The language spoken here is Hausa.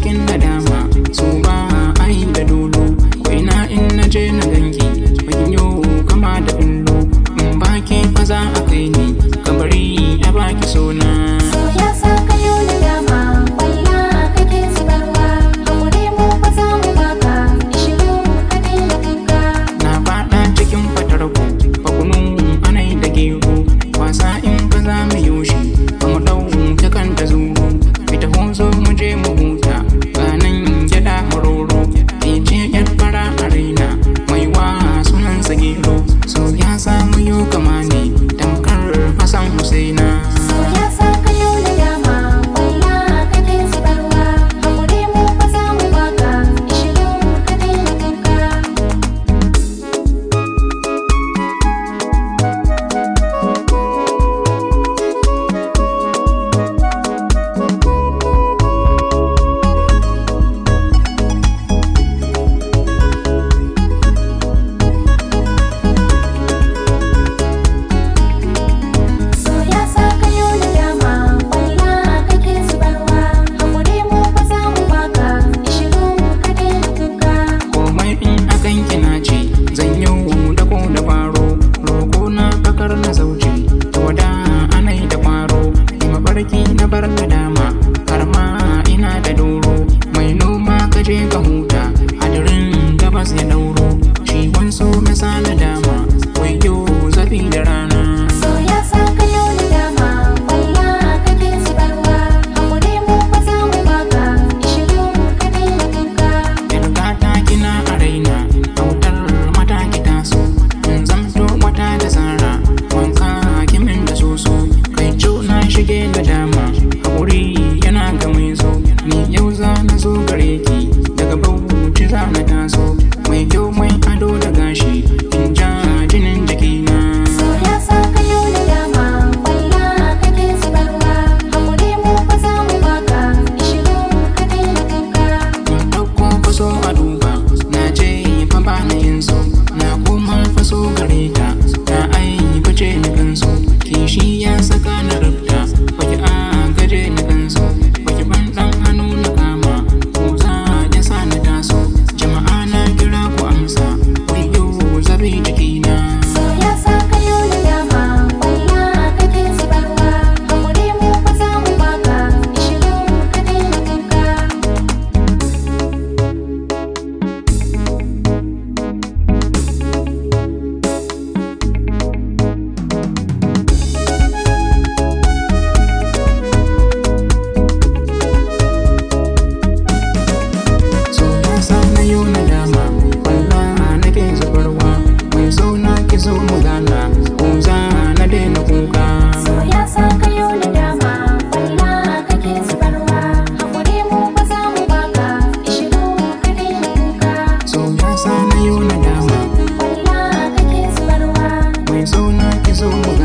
cikin nadama su ba you come zo gare ki daga bauchi za mu taso mai kyau mai zoom